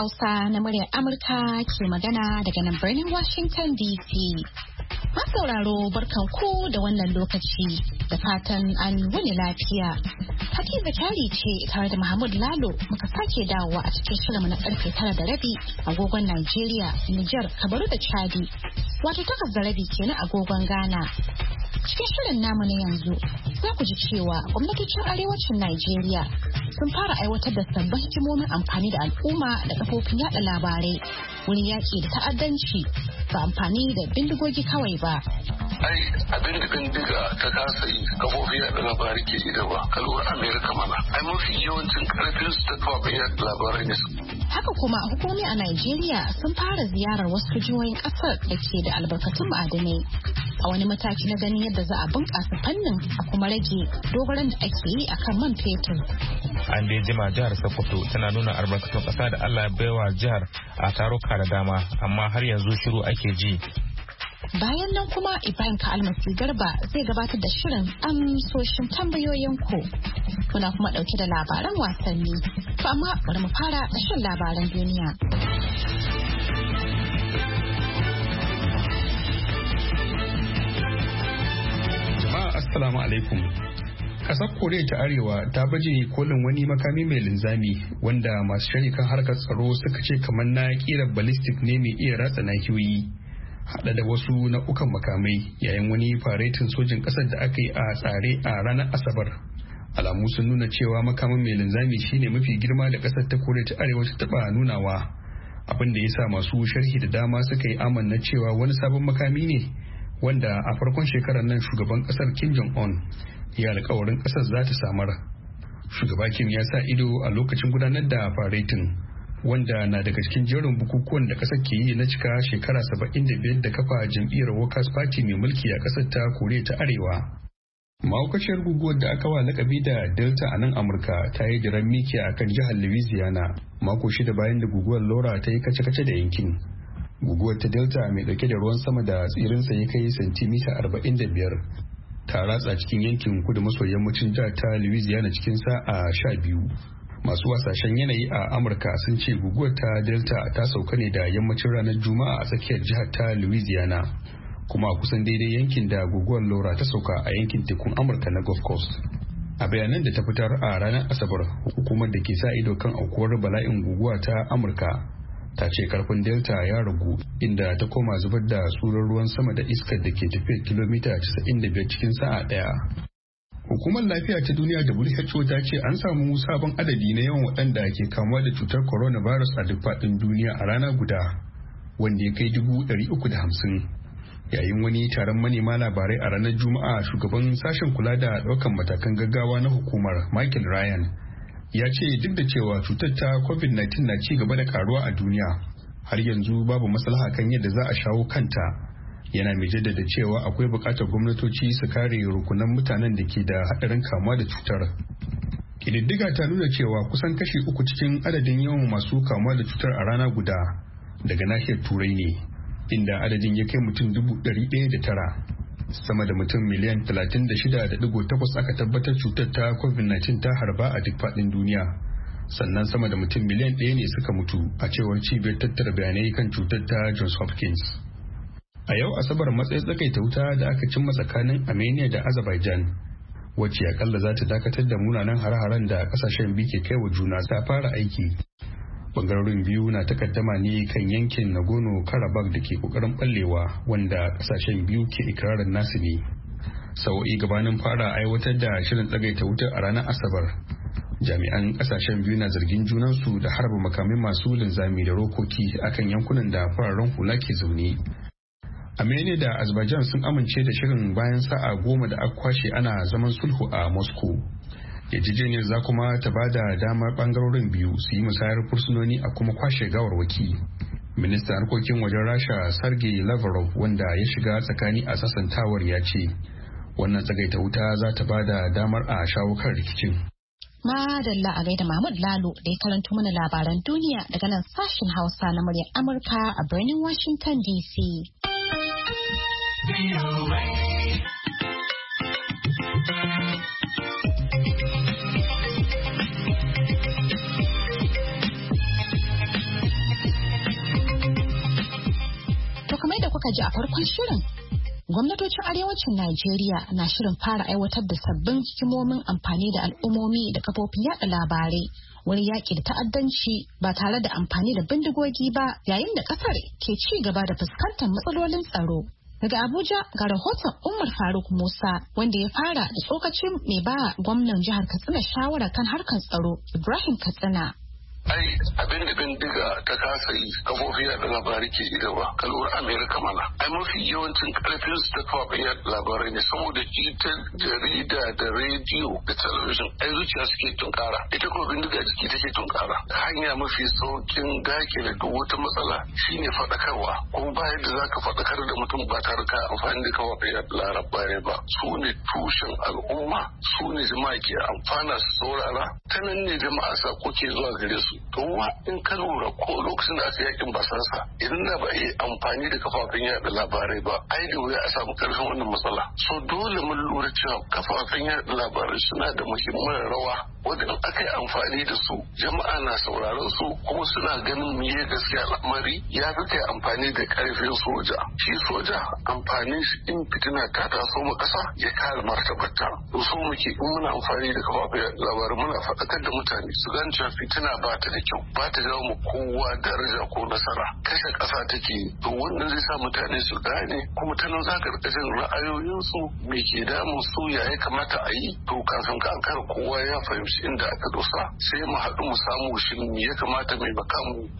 Hausa na muryar Amurka ke magana daga nan birnin Washington DC. Masauraro barkan ku da wannan lokaci da fatan an wuni lafiya. Hadiza Kyari ce tare da Mahmud Lalo muka sake dawowa a cikin shirinmu na karfe tara da rabi agogon Najeriya, Nijar, Kabaru da Chadi. Wato takas da rabi kenan agogon Ghana. Cikin shirin namu na yanzu za ku ji cewa gwamnatocin arewacin Najeriya sun fara aiwatar da sabbin hikimomin amfani da al'umma da kafofin yada labarai wurin yaƙi da ta'addanci ba amfani da bindigogi kawai ba. ai abin da bindiga ta kasa yi kafofin yada labarai ke yi da ba kalwar amerika mana ai mafi yawancin karfin su ta kafofin yada labarai ne haka kuma hukumi a najeriya sun fara ziyarar wasu jihohin ƙasar da ke da albarkatun ma'adanai a wani mataki na ganin yadda za a bunƙasa fannin a kuma rage dogaran da ake yi a kan man fetur. An dai jima jihar Sokoto tana nuna albarkatun ƙasa da Allah ya baiwa jihar a taruka da dama amma har yanzu shiru ake ji. Bayan nan kuma Ibrahim Ka'almasi Garba zai gabatar da shirin amsoshin tambayoyin ku. Muna kuma ɗauke da labaran wasanni. To amma bari mu fara da shirin labaran duniya. Assalamu alaikum. Kasar Koriya ta Arewa ta baje kolin wani makami mai linzami wanda masu shari harkar tsaro suka ce kamar na kira ballistic ne mai iya ratsa nahiyoyi. Hada da wasu nau'ukan makamai yayin wani faretin sojin kasar da aka yi a tsare a ranar Asabar. Alamu sun nuna cewa makamin mai linzami shine mafi girma da kasar ta Koriya ta Arewa ta taba nunawa. abin da ya sa masu sharhi da dama suka yi amanna cewa wani sabon makami ne wanda a farkon shekarar nan shugaban kasar Kim Jong-un ya alkawarin kasar za ta samar. Shugaba Kim ya sa ido a lokacin gudanar da faretin wanda na daga cikin jerin bukukuwan da kasar ke yi na cika shekara saba'in da biyar da kafa jam'iyyar Workers Party mai mulki a kasar ta Koriya ta Arewa. Mahaukaciyar guguwar da aka wa lakabi da Delta a nan Amurka ta yi jiran mikiya a kan jihar Louisiana mako shida bayan da guguwar Laura ta yi kace-kace da yankin. guguwar ta delta mai dauke da ruwan sama da tsirinsa ya kai santimita biyar. ta ratsa cikin yankin kudu maso yammacin jihar ta louisiana cikin sa'a sha biyu. masu wasashen yanayi a amurka sun ce guguwar ta delta ta sauka ne da yammacin ranar juma'a a tsakiyar jihar ta louisiana kuma a kusan daidai yankin da guguwar laura ta sauka a yankin tekun amurka na gulf coast a bayanan da ta fitar a ranar asabar hukumar da ke sa ido kan aukuwar bala'in guguwa ta amurka ta ce karfin delta ya ragu inda ta koma zubar da tsurar ruwan sama da iskar da ke tafiya kilomita 95 cikin sa'a daya Hukumar lafiya ta duniya da WHO ta ce an samu sabon adadi na yawan waɗanda ke kamuwa da cutar coronavirus a duk faɗin duniya a rana guda wanda ya kai dubu ɗari uku da hamsin. Yayin wani taron manema labarai a ranar Juma'a shugaban sashen kula da ɗaukan matakan gaggawa na hukumar Michael Ryan ya ce duk da cewa cutar ta covid-19 na ci gaba da karuwa a duniya har yanzu babu maslaha kan yadda za a shawo kanta yana mai jaddada cewa akwai bukatar gwamnatoci su kare rukunan mutanen da ke da hadarin kamuwa da cutar Kididdiga ta nuna cewa kusan kashi uku cikin adadin yawan masu kamuwa da cutar a rana guda daga nahiyar turai ne inda adadin ya kai mutum dubu ɗari ɗaya da tara sama da mutum miliyan 36.8 aka tabbatar cutar ta covid-19 ta harba a duk faɗin duniya sannan sama da mutum miliyan ɗaya ne suka mutu a cewar cibiyar tattara bayanai kan cutar ta johns hopkins a yau asabar matsayin tsakaita wuta da aka cimma tsakanin armenia da azerbaijan wacce akalla za ta dakatar da munanan hare-haren da kasashen biyu ke kai wa juna ta fara aiki bangarorin biyu na takaddama ne kan yankin nagorno karabakh da ke kokarin ballewa wanda kasashen biyu ke ikirarin nasu ne sau'i gabanin fara aiwatar da shirin tsagaita wuta a ranar asabar jami'an kasashen biyu na zargin junansu da harba makamai masu linzami da rokoki akan yankunan da fararen hula ke zaune Armenia da Azerbaijan sun amince da shirin bayan sa'a goma da aka kwashe ana zaman sulhu a Moscow. yarjejeniyar za kuma ta ba da damar bangarorin biyu su yi musayar fursunoni a kuma kwashe gawarwaki ministan harkokin wajen rasha sergei lavrov wanda ya shiga tsakani a sasantawar ya ce wannan tsagaita wuta za ta ba da damar a shawo kan rikicin madalla a gaida mahmud lalo da ya karanto mana labaran duniya daga nan sashen hausa na muryar amurka a birnin washington dc kuka ji a farkon shirin gwamnatocin arewacin Najeriya na shirin fara aiwatar da sabbin hikimomin amfani da al'ummomi da kafofin yada labarai Wani yaƙi da ta'addanci ba tare da amfani da bindigogi ba yayin da ƙasar ke ci gaba da fuskantar matsalolin tsaro. Daga Abuja ga rahoton Umar Faruk Musa wanda ya fara da tsokacin mai ba gwamnan jihar Katsina shawara kan harkar tsaro Ibrahim Katsina ai abin da bindiga ta kasa yi kafofi yaɗa labarai ke yi gaba kalwar amerika mana ai mafi yawancin karfin su ta kafa yaɗa labarai ne saboda ita jarida da rediyo da talabijin ai zuciya suke tunkara ita kuma bindiga jiki take tunkara hanya mafi saukin dake da duk wata matsala shine faɗakarwa ko ba yadda zaka faɗakar da mutum ba tare ka amfani da kafa yaɗa labarai ba su ne tushen al'umma su ne jama'a ke amfana su saurara ta nan ne jama'a sako ke zuwa gare su yaki kuma in ka lura ko lokacin da aka yakin basarsa idan na ba yi amfani da kafafen yaɗa labarai ba ai da wuya a samu ƙarfin wannan matsala so dole mun lura cewa kafafen yaɗa labarai suna da muhimmin rawa wanda in aka yi amfani da su jama'a na sauraron su kuma suna ganin ya gaskiya al'amari ya fi kai amfani da karfin soja shi soja amfani shi in fitina ta taso mu kasa ya kare martabarta so muke in muna amfani da kafafen yaɗa labarai muna faɗakar da mutane su gane cewa fitina ba ta da kyau ba ta jawo mu kowa daraja ko nasara kashe kasa take to wannan zai sa mutane su gane kuma ta nan za ka rika jin ra'ayoyinsu me ke damu su ya ya kamata a yi to kafin ka an kara kowa ya fahimci inda aka dosa sai mu haɗu mu samu shi ya kamata mai mu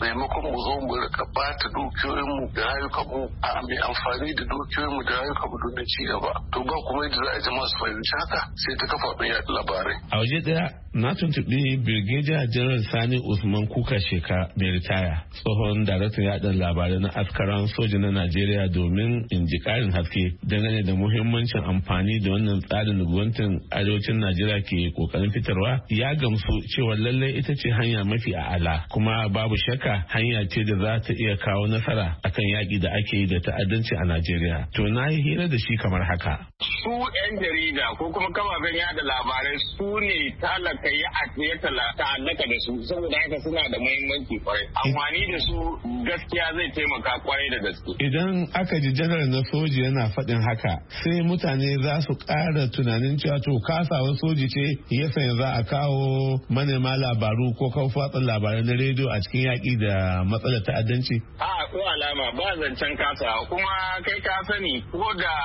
maimakon mu zo mu rika bata dukiyoyinmu da rayukanmu a mai amfani da dukiyoyinmu da rayukanmu don na ci gaba to ba kuma yadda za a ji masu fahimci haka sai ta ɗin yaɗa labarai. a waje ɗaya na tuntuɓi birgeja jiran sani usman kuka sheka mai ritaya tsohon daraktan yaɗin labarai na askaran soja na najeriya domin in ji ƙarin haske dangane da muhimmancin amfani da wannan tsarin da gwamnatin arewacin najeriya ke ƙoƙarin fitarwa ya gamsu cewa lallai ita ce hanya mafi a'ala kuma babu shakka hanya ce da za ta iya kawo nasara akan yaƙi da ake yi da ta'addanci a najeriya to na yi hira da shi kamar haka su 'yan jarida ko kuma kafafen yada labarai su ne talaka ya ta'allaka da su saboda haka suna da muhimmanci kwarai amfani da su gaskiya zai taimaka kwarai da gaske idan aka ji janar na soji yana faɗin haka sai mutane za su ƙara tunanin cewa to kasawar soji ce ya sanya za a kawo manema labaru ko kafofin labarai na rediyo a cikin yaƙi da matsalar ta'addanci a ko alama ba zancen kasawa kuma kai ka sani ko da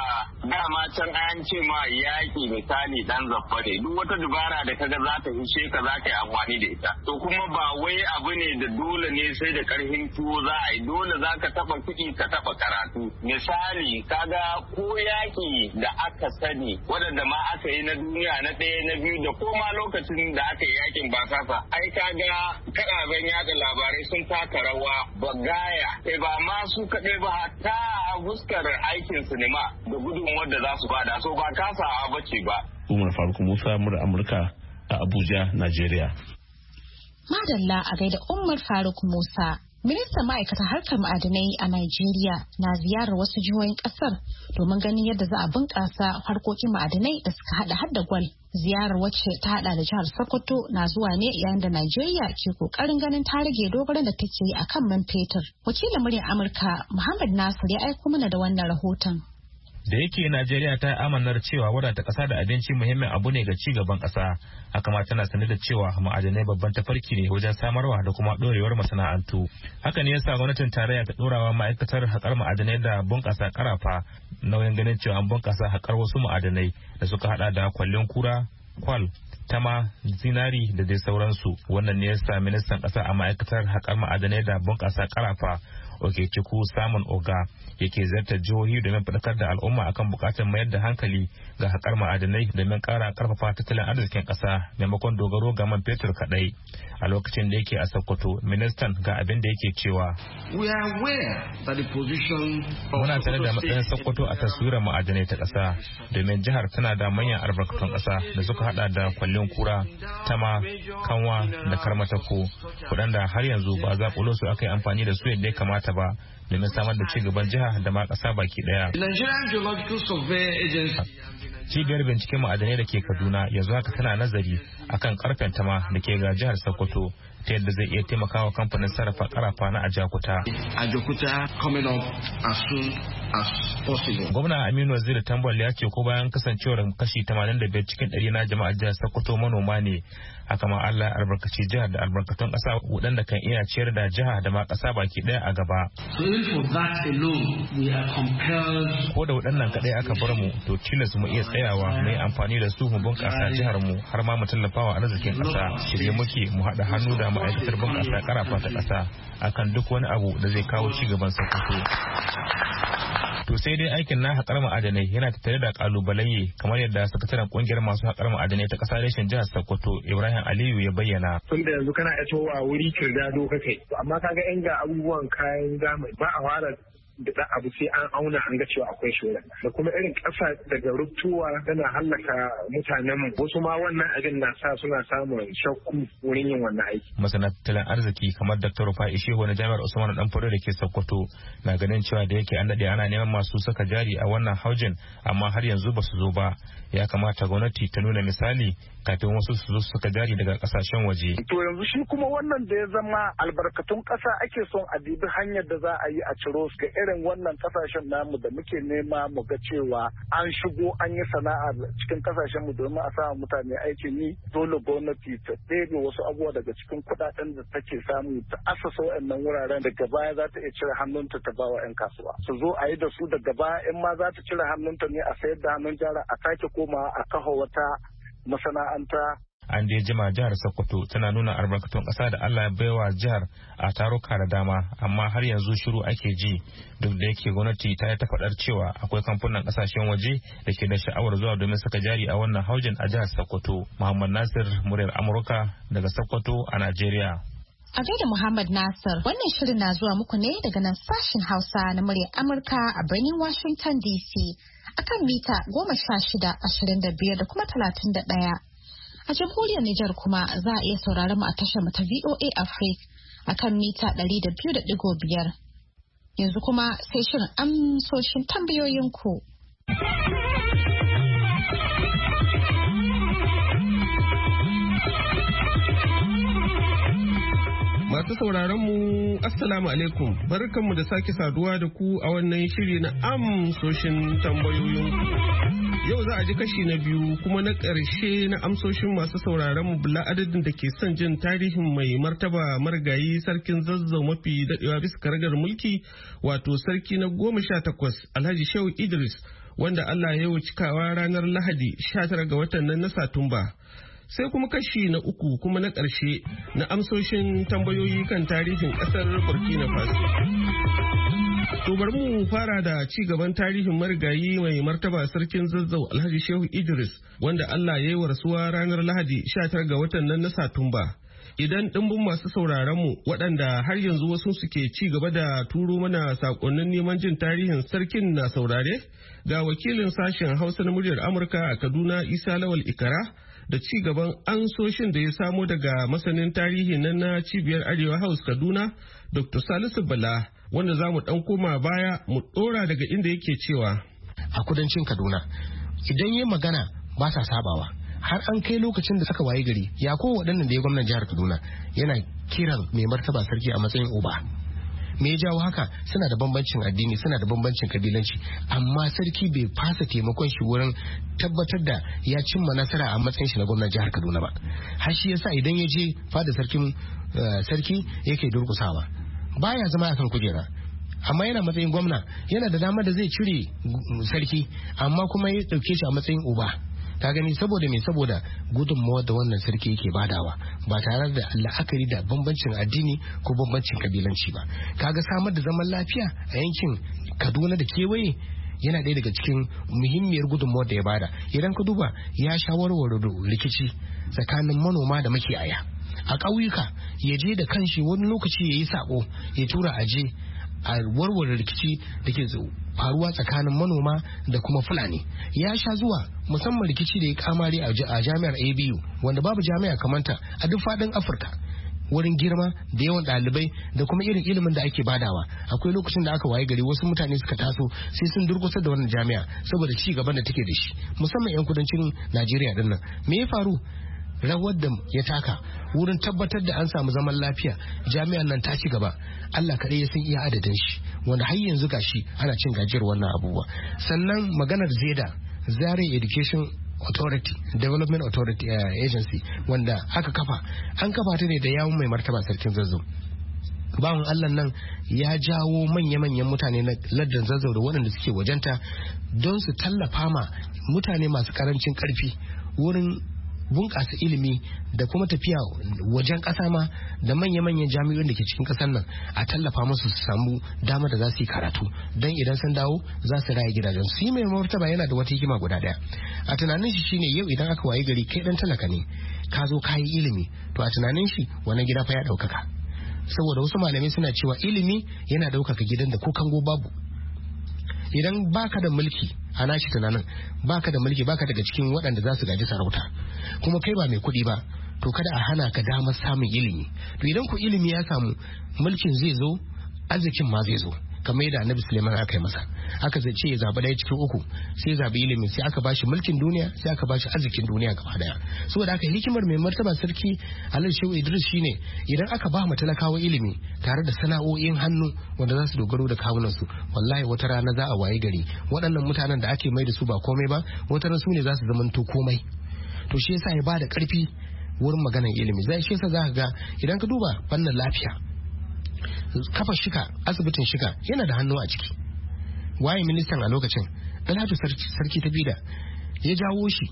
dama can an ce ma yaƙi misali dan zaffa ne duk wata dubara da kaga za ta hushe ka za ka yi amfani da ita to kuma ba wai abu ne da dole ne sai da karfin tuwo za a yi dole za ka taɓa kuɗi ka taɓa karatu misali kaga ko yaƙi da aka sani waɗanda ma aka yi na duniya na ɗaya na biyu da koma lokacin da aka yi yaƙin ba basasa ai kaga kaɗaben yaɗa labarai sun taka rawa ba gaya eh, ba ma su kaɗai ba ta a fuskar aikin sinima da gudun da za su bada so ba kasa a bace ba. Umar Faruk Musa mura Amurka a Abuja, Najeriya. Madalla a gaida Umar Faruk Musa. Ministan ma'aikatar harkar ma'adinai a Najeriya na ziyarar wasu jihohin kasar domin ganin yadda za a bunƙasa harkokin ma'adinai da suka hada hada gwal. Ziyarar wacce ta hada da jihar Sokoto na zuwa ne yayin da Najeriya ke kokarin ganin ta rage dogaran da take yi akan man fetur. Wakilin muryar Amurka Muhammad Nasir ya aiko mana da wannan rahoton. da yake Najeriya ta yi amanar cewa wadata ƙasa da abinci muhimmin abu ne ga ci gaban ƙasa haka ma tana sanar da cewa ma'adanai babban tafarki ne wajen samarwa da kuma ɗorewar masana'antu haka ne yasa gwamnatin tarayya ta wa ma'aikatar haƙar ma'adanai da bunƙasa ƙarafa nauyin ganin cewa an bunƙasa haƙar wasu ma'adanai da suka haɗa da kwallon kura kwal tama zinari da dai sauransu wannan ne ya sa ministan ƙasa a ma'aikatar haƙar ma'adanai da bunƙasa ƙarafa ciku samun oga yake zartar jihohi domin faɗakar da al'umma akan bukatar mayar da hankali ga haƙar ma'adanai domin ƙara karfafa tattalin arzikin ƙasa maimakon dogaro ga man fetur kaɗai a lokacin da yake a sokoto ministan ga abin da yake cewa muna tare da matsayin sokoto a taswirar ma'adanai ta ƙasa domin jihar tana da manyan albarkatun ƙasa da suka hada da kwallon kura tama kanwa da karmatako waɗanda har yanzu ba za su aka yi amfani da su yadda ya kamata kamata ba domin samar da ci gaban jiha da ma ƙasa baki ɗaya. cibiyar binciken ma'adanai da ke kaduna yanzu haka tana nazari akan karfen tama da ke ga jihar sokoto ta yadda zai iya taimakawa kamfanin sarrafa karafa na ajakuta gwamna aminu waziri tambal ya ce ko bayan kasancewar kashi 85 cikin 100 na jama'ar jihar sokoto manoma ne haka ma allah albarkaci jihar da albarkatun kasa waɗanda kan iya ciyar da jiha da ma kasa baki ɗaya a gaba ko da waɗannan kaɗai aka bar mu to tilas mu iya tsayawa mai amfani da su mu bunƙasa jihar mu har ma mu tallafawa arzikin ƙasa shirye muke mu haɗa hannu da ma'aikatar bunƙasa karafa ta ƙasa akan duk wani abu da zai kawo ci gaban sokoto to sai dai aikin na haƙar ma'adanai yana tattare da kalubalaye kamar yadda sakataren ƙungiyar masu haƙar ma'adanai ta ƙasa reshen jihar Sokoto Ibrahim Aliyu ya bayyana. Tun da yanzu kana iya a wuri kirda doka kai amma kaga ga ga abubuwan kayan zamani ba a fara da abu sai an auna an ga cewa akwai shoran da kuma irin ƙasa daga ruptuwa tana hallaka mutanen mu wasu ma wannan abin na sa suna samun shakku wurin yin wannan aiki. masana tattalin arziki kamar dr fa'i shehu na jami'ar usman dan fado da ke sokoto na ganin cewa da yake an daɗe ana neman masu saka jari a wannan haujin amma har yanzu ba su zo ba ya kamata gwamnati ta nuna misali kafin wasu su zo suka jari daga kasashen waje. To yanzu shi kuma wannan da ya zama albarkatun ƙasa ake son a dibi hanyar da za a yi a ciro su ga irin wannan kasashen namu da muke nema mu ga cewa an shigo an yi sana'a cikin kasashen mu domin a sa mutane aiki yi dole gwamnati ta ɗebe wasu abubuwa daga cikin kuɗaɗen da take samu ta asasa wa'annan wuraren daga baya za ta iya cire hannunta ta ba wa 'yan kasuwa su zo a yi da su daga baya in ma za ta cire hannunta ne a sayar da hannun jara a sake komawa a kafa wata masana'anta an jima jihar sokoto tana nuna albarkatun ƙasa da allah baiwa jihar a taruka da dama amma har yanzu shiru ake ji duk da yake gwamnati ta yi ta faɗar cewa akwai kamfunan ƙasashen waje da ke da sha'awar zuwa domin saka jari a wannan haujin a jihar sokoto muhammad nasir muryar amurka daga sokoto a najeriya A da Muhammad Nasir, wannan shirin na zuwa muku ne daga nan sashen Hausa na muryar Amurka a birnin Washington DC akan mita goma sha shida ashirin da biyar da kuma talatin da ɗaya. A jamhuriyar Nijar kuma za a iya sauraron mu a tashar mu ta VOA Africa akan mita 200.5. Yanzu kuma sai shirin amsoshin tambayoyinku. ku. Masu sauraron mu Assalamu alaikum barkanmu da sake saduwa da ku a wannan shiri na amsoshin tambayoyin Yau za a ji kashi na biyu kuma na ƙarshe na amsoshin masu sauraron mu adadin da ke son jin tarihin mai martaba marigayi sarkin zazzau mafi daɗewa bisa karagar mulki wato sarki na goma sha takwas Alhaji Shehu Idris wanda Allah ya yi cikawa ranar Lahadi 19 ga watan nan na Satumba. sai kuma kashi na uku kuma na ƙarshe na amsoshin tambayoyi kan tarihin ƙasar burkina faso to bar mu fara da ci gaban tarihin marigayi mai martaba sarkin zazzau alhaji shehu idris wanda allah ya yi rasuwa ranar lahadi 19 ga watan nan na satumba idan ɗimbin masu sauraron mu waɗanda har yanzu wasu suke ci gaba da turo mana saƙonnin neman jin tarihin sarkin na saurare ga wakilin sashen hausa na muryar amurka a kaduna isa lawal ikara da ci gaban ansoshin da ya samo daga masanin tarihi na na cibiyar arewa house kaduna dr salisu bala wanda za mu dan koma baya mu dora daga inda yake cewa a kudancin kaduna idan yi magana ba sa sabawa har an kai lokacin da suka waye gari ya ko waɗannan da ya gwamnan jihar kaduna yana kiran mai martaba sarki a matsayin uba me ya jawo haka suna da bambancin addini suna da bambancin kabilanci amma sarki bai fasa taimakon shi wurin tabbatar da ya cimma nasara a matsayin shi na gwamnan jihar Kaduna ba har shi yasa idan ya je fada sarkin eh, sarki yake durkusawa baya zama akan kujera amma yana matsayin gwamna yana da dama da zai cire mm, sarki amma kuma ya dauke shi a matsayin uba ka gani saboda me saboda gudunmawa da wannan sarki yake badawa ba tare da la'akari da bambancin addini ko bambancin kabilanci ba kaga samar da zaman lafiya a yankin kaduna da kewaye yana ɗaya daga cikin muhimmiyar gudummawar da ya bada idan ka duba ya shawarwar rikici tsakanin manoma da makiyaya a ƙauyuka ya je da kanshi wani lokaci ya yi saƙo ya tura aje a warware rikici da ke faruwa tsakanin manoma da kuma fulani ya sha zuwa musamman rikici da ya kamari a jami'ar abu wanda babu jami'a kamanta a duk faɗin afirka wurin girma da yawan ɗalibai da kuma irin ilimin da ake badawa akwai lokacin da aka waye gari wasu mutane suka taso sai sun durkusa da wannan jami'a saboda ci gaban da take da shi musamman 'yan kudancin najeriya dinnan me ya faru rawar da ya taka wurin tabbatar da an samu zaman lafiya jami'an nan ta ci gaba Allah kaɗai ya san iya adadin shi wanda har yanzu gashi ana cin gajiyar wannan abubuwa sannan maganar zeda zarin education authority development authority uh, agency wanda aka kafa an kafa ta ne da yawun mai martaba sarkin zazzau bawan Allah nan ya jawo manya-manyan mutane na lardin zazzau da waɗanda suke wajenta don su tallafa ma mutane masu karancin karfi wurin bunƙasa ilimi da kuma tafiya wajen ƙasa ma da manya-manyan jami'o'in da ke cikin ƙasar nan a tallafa musu su samu dama da za su yi karatu don idan sun dawo za su raya gidajen su yi mai martaba yana da wata hikima guda ɗaya a tunanin shi shine yau idan aka waye gari kai dan talaka ne ka zo ka yi ilimi to a tunanin shi wannan gida fa ya ɗaukaka saboda wasu malamai suna cewa ilimi yana ɗaukaka gidan da ko kango babu idan baka da mulki a shi tunanin baka da mulki baka daga cikin waɗanda za su gaji sarauta kuma kai ba mai kuɗi ba to kada a hana ka damar samun ilimi to idan ku ilimi ya samu mulkin zai zo arzikin ma zai zo kamar yadda annabi suleiman aka yi masa aka zace ya zaɓi ɗaya cikin uku sai ya zaɓi ilimin sai aka bashi mulkin duniya sai aka bashi arzikin duniya gaba daya saboda aka hikimar mai martaba sarki alal shehu idris shine idan aka ba mu talakawa ilimi tare da sana'o'in hannu wanda za su dogaro da kawunansu wallahi wata rana za a wayi gari waɗannan mutanen da ake mai da su ba komai ba wata rana su ne za su zamanto komai to shi yasa ya ba da karfi wurin maganar ilimi zai shi yasa zaka ga idan ka duba fannin lafiya kafa shika asibitin shika yana da hannu a ciki waye ministan a lokacin Dalhatu sarki ta bida ya jawo shi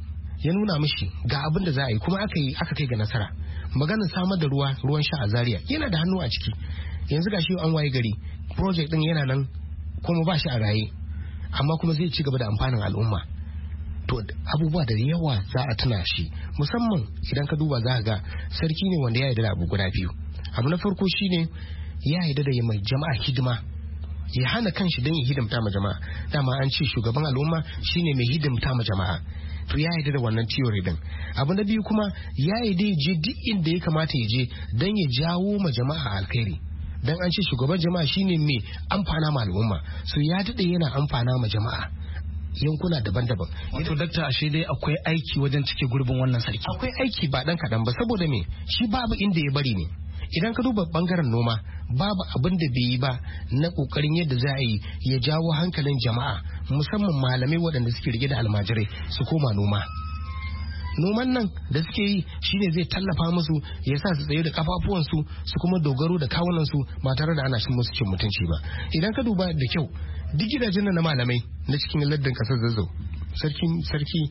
ya nuna mishi ga abin da za a yi kuma aka yi aka kai ga nasara maganar samar da ruwa ruwan sha a zaria yana da hannu a ciki yanzu ga shi an waye gari project din yana nan kuma ba shi a raye amma kuma zai ci gaba da amfanin al'umma to abubuwa da yawa za a tuna shi musamman idan ka duba za ga sarki ne wanda ya yi da abu guda biyu abu na farko shine ya yi da mai jama'a hidima ya hana kanshi don ya hidimta ma jama'a dama an ce shugaban al'umma shine mai hidimta ma jama'a to ya yi da wannan theory din abu na biyu kuma ya yi da je duk inda ya kamata ya je don ya jawo ma jama'a alkhairi dan an ce shugaban jama'a shine mai amfana ma al'umma so ya daɗe yana amfana ma jama'a yankuna daban-daban. Wato dakta ashe dai akwai aiki wajen cike gurbin wannan sarki. Akwai aiki ba dan kaɗan ba saboda me shi babu inda ya bari ne. Idan ka duba bangaren noma babu abin da bai yi ba na kokarin yadda za a yi ya jawo hankalin jama'a musamman malamai waɗanda suke rige da almajirai su koma noma. noman nan da suke yi shine zai tallafa musu ya sa su tsaye da kafafuwansu su kuma dogaro da kawunansu ba tare da ana shi musu cin mutunci ba idan ka duba da kyau duk gidajen na malamai na cikin lardin kasar zazzau sarki sarki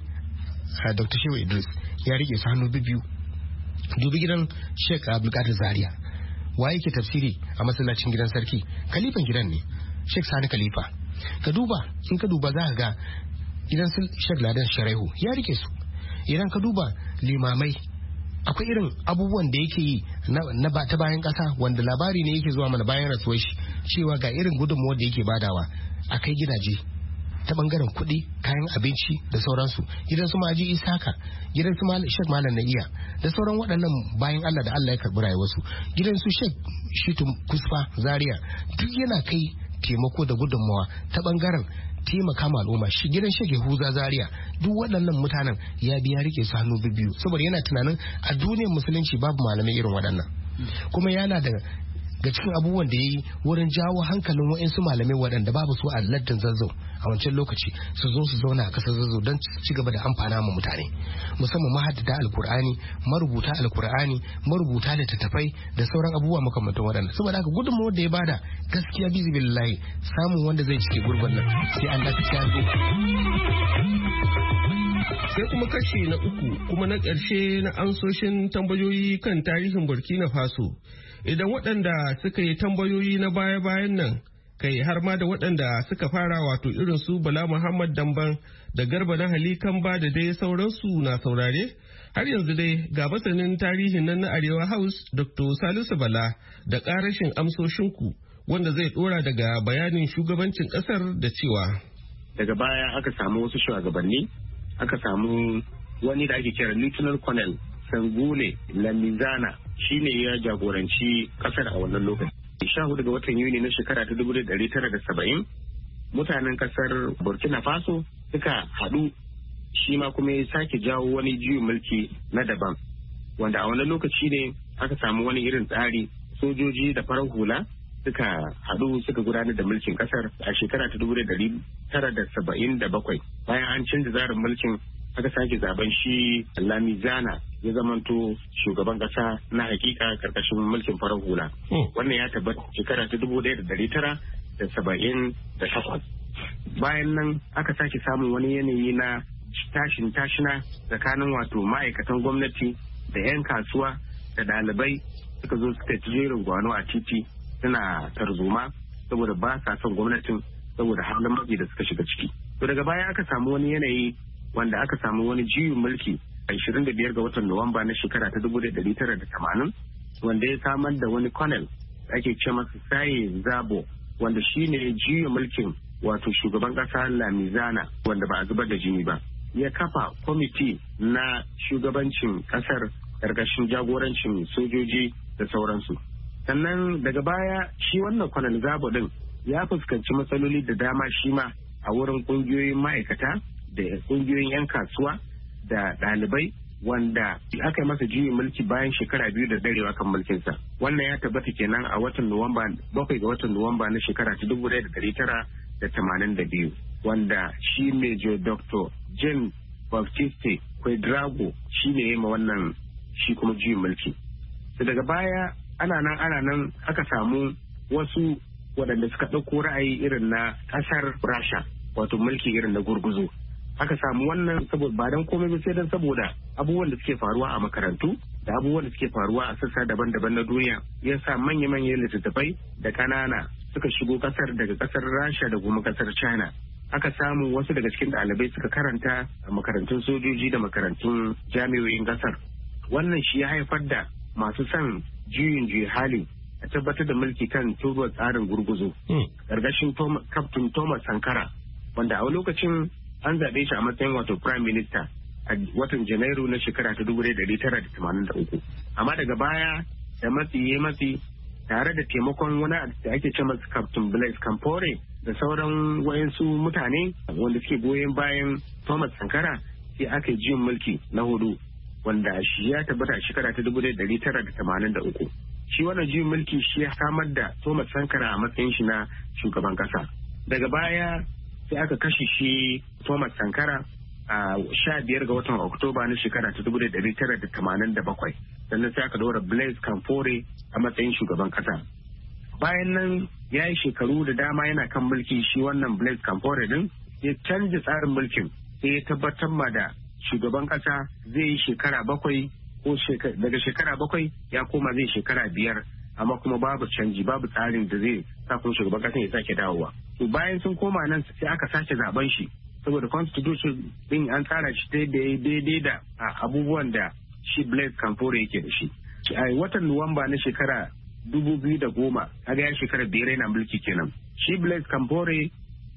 ah, dr shehu idris ya rike su hannu biyu dubi gidan sheik abdulkadir zaria waye ke tafsiri a masallacin gidan sarki kalifan gidan ne sheik sani kalifa ka duba in ka duba za ka ga gidan sheik ladan sharaihu ya rike su idan ka duba limamai akwai irin abubuwan da yake yi na ta bayan kasa wanda labari ne yake zuwa mana bayan rasuwar shi cewa ga irin gudunmuwar da yake badawa a kai gidaje ta bangaren kuɗi kayan abinci da sauransu gidan su maji isaka gidan su shek malam na iya da sauran waɗannan bayan allah da allah ya karɓi rayuwarsu gidan su shek shitu kusfa zaria duk yana kai taimako da gudunmawa ta bangaren taimaka ma al'umma shi gidan shege huza zaria duk waɗannan mutanen ya biya rike su hannu biyu saboda yana tunanin a duniyar musulunci babu malamai irin waɗannan kuma yana da ga cikin abubuwan da ya yi wurin jawo hankalin wa'insu malamai waɗanda babu su a lardin zazzau a wancan lokaci su zo su zauna a kasar zazzau don ci gaba da amfana ma mutane musamman mahaddada alkur'ani marubuta alkur'ani marubuta littattafai da sauran abubuwa makamantan waɗanda saboda haka gudunmawar da ya bada gaskiya bizibillahi samun wanda zai cike gurbin nan sai an sai kuma kashi na uku kuma na ƙarshe na ansoshin tambayoyi kan tarihin burkina faso idan waɗanda suka yi tambayoyi na baya-bayan nan kai har ma da waɗanda suka fara wato irin su bala muhammad damban da garba na halikan ba da dai sauransu na saurare har yanzu dai ga basanin tarihin nan na arewa house dr salisu bala da ƙarashin amsoshinku wanda zai ɗora daga bayanin shugabancin ƙasar da cewa daga baya aka samu wasu shugabanni aka samu wani da ake kira national colonel sangule lamizana Shi ne ya jagoranci kasar a wannan lokacin. sha hudu ga watan yuni na shekara ta dubu da tara da saba'in mutanen kasar burkina faso suka haɗu shi ma kuma ya sake jawo wani juyin mulki na daban wanda a wannan lokaci ne aka samu wani irin tsari sojoji da farar hula suka haɗu suka gudanar da mulkin kasar a shekara ta dubu da tara da saba'in da bakwai bayan an canza zarin mulkin aka sake zaben shi lamizana Zana ya zamanto shugaban kasa na hakika karkashin mulkin farar hula. Hmm. Wannan ya tabbata shekara ta dubu ɗaya da dari tara da saba'in da takwas. Bayan nan aka sake samun wani yanayi na tashin tashina tsakanin wato ma'aikatan gwamnati da 'yan kasuwa da ɗalibai suka zo suka ci jerin gwano a titi suna tarzoma saboda ba sa son gwamnatin saboda halin mabi da suka shiga ciki. To daga baya aka samu wani yanayi wanda aka samu wani juyin mulki a 25 ga watan Nuwamba na shekara ta 1980 wanda ya samar da wani colonel ake ce masa Saye Zabo wanda shi shine juyin mulkin wato shugaban kasa Lamizana wanda ba a zubar da jini ba ya kafa kwamiti na shugabancin kasar ƙarƙashin jagorancin sojoji da sauransu sannan daga baya shi wannan kwanan zabo din ya fuskanci matsaloli da dama shi ma a wurin ƙungiyoyin ma'aikata da kungiyoyin 'yan kasuwa da ɗalibai wanda aka yi masa juyin mulki bayan shekara biyu da darewa kan mulkinsa wannan ya tabbata kenan a watan nuwamba bakwai ga watan nuwamba na shekara ta dubu da dari tara da tamanin da biyu wanda shi major dr jane baptiste quadrago shi ne ya ma wannan shi kuma juyin mulki da daga baya ana nan ana nan aka samu wasu waɗanda suka ɗauko ra'ayi irin na ƙasar rasha wato mulki irin na gurguzu. aka samu wannan saboda ba don komai ba sai don saboda abubuwan da suke faruwa a makarantu da abubuwan da suke faruwa a sassa daban-daban na duniya ya sa manya-manyan littattafai da kanana suka shigo kasar daga kasar rasha da kuma kasar china aka samu wasu daga cikin ɗalibai suka karanta a makarantun sojoji da makarantun jami'o'in kasar wannan shi ya haifar da masu son juyin juyi hali a tabbatar da mulki kan turbar tsarin gurguzu Gargashin hmm. captain thomas sankara wanda a lokacin an zaɓe shi a matsayin wato prime minister a watan janairu na shekara ta dubu ɗari tara da tamanin da uku amma daga baya da matsi ya matsi tare da taimakon wani da ake ce masa captain blaise campore da sauran wayansu mutane wanda suke goyon bayan thomas sankara sai aka yi mulki na hudu wanda shi ya tabbata shekara ta dubu ɗari tara da tamanin da uku shi wannan juyin mulki shi ya samar da thomas sankara a matsayin shi na shugaban kasa daga baya sai aka kashe shi thomas sankara a sha biyar ga watan oktoba na shekara ta dubu da tara da tamanin da bakwai sannan sai aka daura blaise kamfore a matsayin shugaban kasa bayan nan ya yi shekaru da dama yana kan mulki shi wannan blaise kamfore din ya canza tsarin mulkin sai ya tabbatar ma da shugaban kasa zai yi shekara bakwai ko daga shekara bakwai ya koma zai shekara biyar amma kuma babu canji babu tsarin da zai sa kuma shugaban kasa ya sake dawowa to bayan sun koma nan sai aka sace zaben shi saboda constitution din an tsara shi daidai da abubuwan da shi blaise kamfore yake da shi a watan nuwamba na shekara dubu biyu da goma kaga ya shekara biyar yana mulki kenan shi blaise kamfore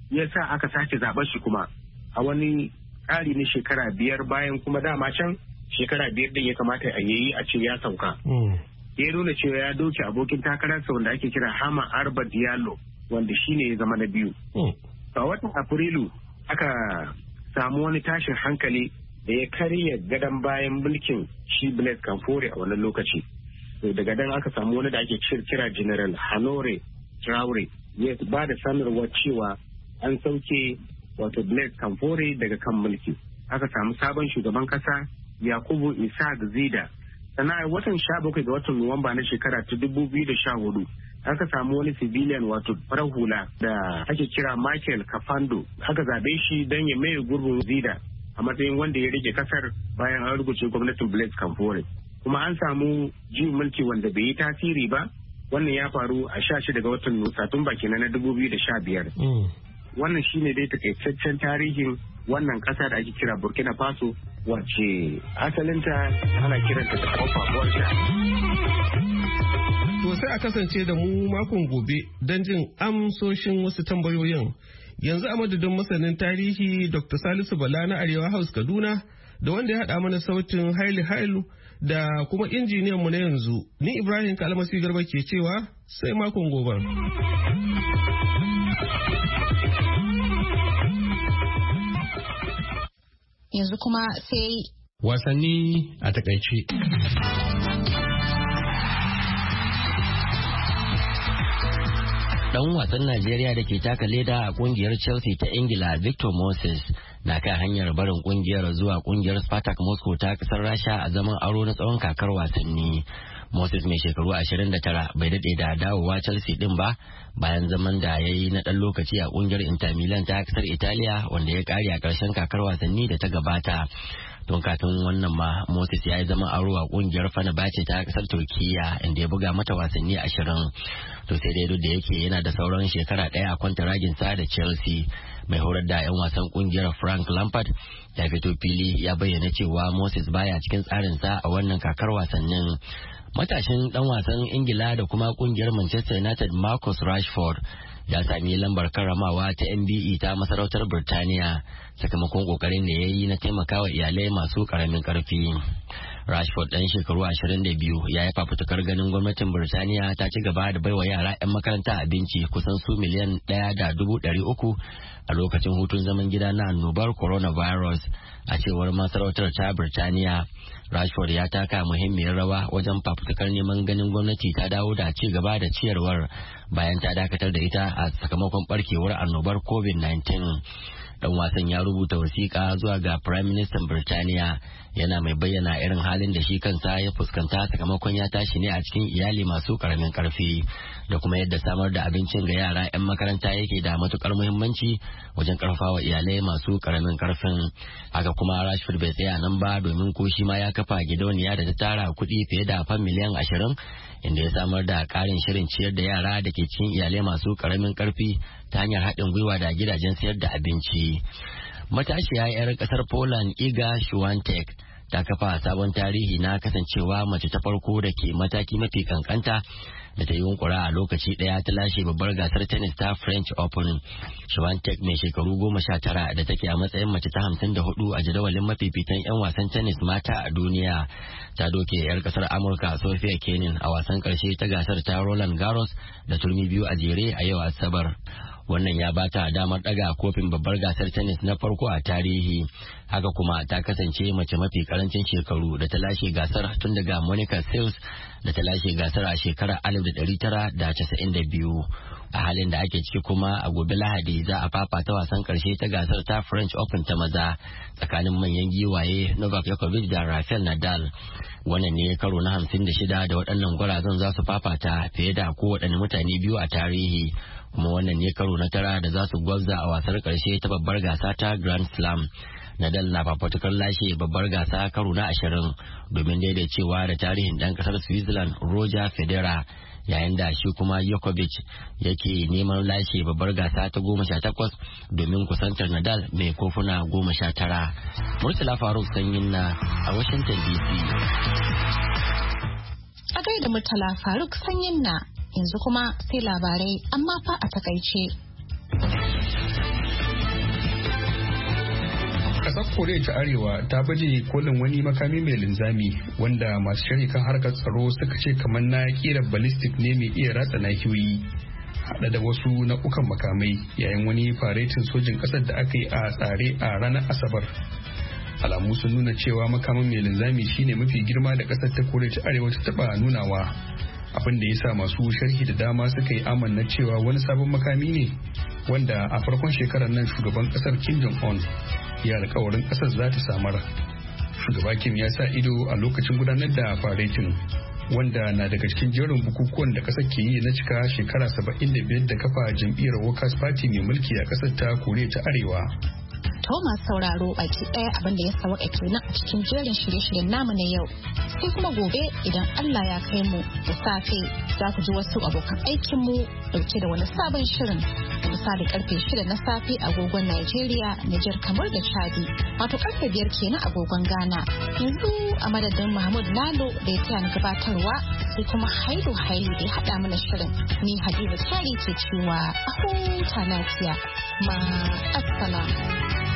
ya sa aka sace zaben shi kuma a wani tsari na shekara biyar bayan kuma dama can shekara biyar din ya kamata a yayi a ce ya sauka mm. ya nuna cewa ya doke abokin takararsa wanda ake kira hama arba diallo wanda shine ya zama na biyu hmm. a watan afrilu aka samu wani tashin hankali da ya karya gadon bayan mulkin shi blaise kamfore a wannan lokaci daga dan aka samu wani da ake kira general hanore traore ya ba da sanarwa cewa an sauke wato blaise kamfore daga kan mulki aka samu sabon shugaban kasa yakubu isa zida sana'ar watan sha bakwai ga watan nuwamba na shekara ta dubu biyu da sha hudu aka samu wani civilian wato farar hula da ake kira Michael Kafando aka zabe shi don ya maye gurbin Zida a matsayin wanda ya rage kasar bayan an rubuce gwamnatin Blaise Compaoré kuma an samu jin mulki wanda bai yi tasiri ba wannan ya faru a sha shida ga watan Satumba kenan na dubu biyu da sha biyar. Mm. Wannan shine dai takaitaccen tarihin wannan kasa da ake kira Burkina Faso Wace asalinta ana kiranta da Kofa To sai a kasance da mu makon gobe don jin amsoshin wasu tambayoyin. Yanzu a madadin masanin tarihi Dr. Salisu Bala na Arewa House Kaduna da wanda ya haɗa mana sautin Haili Hailu da kuma injiniyan mu na yanzu. Ni Ibrahim Kalmasi Garba ke cewa sai makon gobe. Yanzu kuma sai wasanni a takaice. Dan wasan Najeriya da ke taka leda a kungiyar Chelsea ta Ingila Victor Moses na kai hanyar barin kungiyar zuwa kungiyar Spartak Moscow ta kasar Rasha a zaman aro na tsawon kakar wasanni. Moses mai shekaru 29 bai daɗe da dawowa Chelsea din ba bayan zaman da ya yi na ɗan lokaci a kungiyar Inter Milan ta kasar Italiya wanda ya kare a karshen kakar wasanni da ta gabata. don kafin wannan ma moses ya yi zama aro a kungiyar fenerbahce ta kasar turkiya inda ya buga mata wasanni ashirin to sai dai duk da yake yana da sauran shekara ɗaya a kwantaragin sa da chelsea mai horar da 'yan wasan kungiyar frank lampard ya fito fili ya bayyana cewa moses baya cikin tsarin sa a wannan kakar wasannin matashin dan wasan ingila da kuma kungiyar manchester united marcus rashford ya sami lambar karamawa ta MBE ta masarautar Birtaniya sakamakon kokarin da ya yi na taimakawa iyalai masu karamin karfi. Rashford ɗan shekaru 22 ya yi fafutukar ganin gwamnatin Birtaniya ta ci gaba da baiwa yara 'yan makaranta abinci kusan su miliyan ɗaya da dubu ɗari uku a lokacin hutun zaman gida na annobar coronavirus a cewar masarautar ta Birtaniya. Rashford ya taka muhimmiyar rawa wajen fafutukar neman ganin gwamnati ta dawo da ci gaba da ciyarwar bayan ta dakatar da ita a sakamakon barkewar annobar COVID-19. dan wasan ya rubuta wasiƙa zuwa ga prime minister birtaniya yana mai bayyana irin halin da shi kansa ya fuskanta sakamakon ya tashi ne a cikin iyali masu karamin karfi da kuma yadda samar da abincin ga yara 'yan makaranta yake da matukar muhimmanci wajen karfafa iyalai masu karamin karfin haka kuma rashford bai tsaya nan ba domin ko shi ma ya kafa gidauniya da ta tara kuɗi fiye da fam miliyan ashirin inda ya samar da karin shirin ciyar da yara da ke cikin iyalai masu karamin karfi ta hanyar haɗin gwiwa da gidajen sayar da abinci matashiya 'yar ƙasar poland iga shuwantek ta kafa sabon tarihi na kasancewa mace ta farko da ke mataki mafi kankanta da ta yi yunkura a lokaci daya ta lashe babbar gasar tennis ta french open shawantek mai shekaru goma sha tara da take a matsayin mace ta hamsin da hudu a jadawalin mafi fitan 'yan wasan tennis mata a duniya ta doke 'yar kasar amurka sophia kenin a wasan karshe ta gasar ta roland garros da turmi biyu a jere a yau asabar wannan ya bata damar daga kofin babbar gasar tennis na farko a tarihi haka kuma ta kasance mace mafi karancin shekaru da ta lashe gasar tun daga monica sales da ta lashe gasar a shekarar 1992 a halin da ake ciki kuma a gobe lahadi za a fafata wasan karshe ta gasar ta french open ta maza tsakanin manyan giwaye novak yakovic da rafael nadal wannan ne karo na 56 da waɗannan gwarazan za su fafata fiye da kowaɗanne mutane biyu a tarihi kuma wannan ne karo na tara da za su gwabza a wasar karshe ta babbar gasa ta grand slam nadal na fafatukar lashe babbar gasa karo na ashirin domin daidaicewa da tarihin dan kasar switzerland roger federer yayin da shi kuma Djokovic yake neman lashe babbar gasa ta goma sha takwas domin kusantar Nadal mai kofuna goma sha tara. Murtala Faruk sanyin na a Washington DC. A gaida Murtala Faruk sanyin yanzu kuma sai labarai amma fa a takaice. Kasar Koriya ta Arewa ta baje kolin wani makami mai linzami wanda masu shari harkar tsaro suka ce kamar na kera ballistic ne mai iya ratsa na nahiyoyi. hada da wasu nau'ukan makamai yayin wani faretin sojin kasar da aka yi a tsare a ranar asabar alamu sun nuna cewa makamin mai linzami shine mafi girma da kasar ta kore ta arewa ta taba nunawa abin da ya sa masu sharhi da dama suka yi amanna cewa wani sabon makami ne wanda a farkon shekarar nan shugaban kasar kim jong un ya alkawarin kasar za ta samar shugaba kim ya sa ido a lokacin gudanar da faretin wanda na daga cikin jerin bukukuwan da kasar ke yi na cika shekara 75 da kafa jam'iyyar workers party mai mulki a kasar ta koriya ta arewa To masu sauraro baki ɗaya abinda ya ya sawaka kenan a cikin jerin shirye-shiryen namu na yau. Sai kuma gobe idan Allah ya kai mu da safe za ku ji wasu abokan aikinmu dauke da wani sabon shirin da misali karfe shida na safe agogon Najeriya, Nijar kamar da Chadi. Wato karfe biyar kenan agogon Ghana. Yanzu a madadin Mahmud Lalo da ya taya gabatarwa sai kuma Haidu haili da ya haɗa mana shirin. Ni Hadiza Chadi ke cewa a huta lafiya. Ma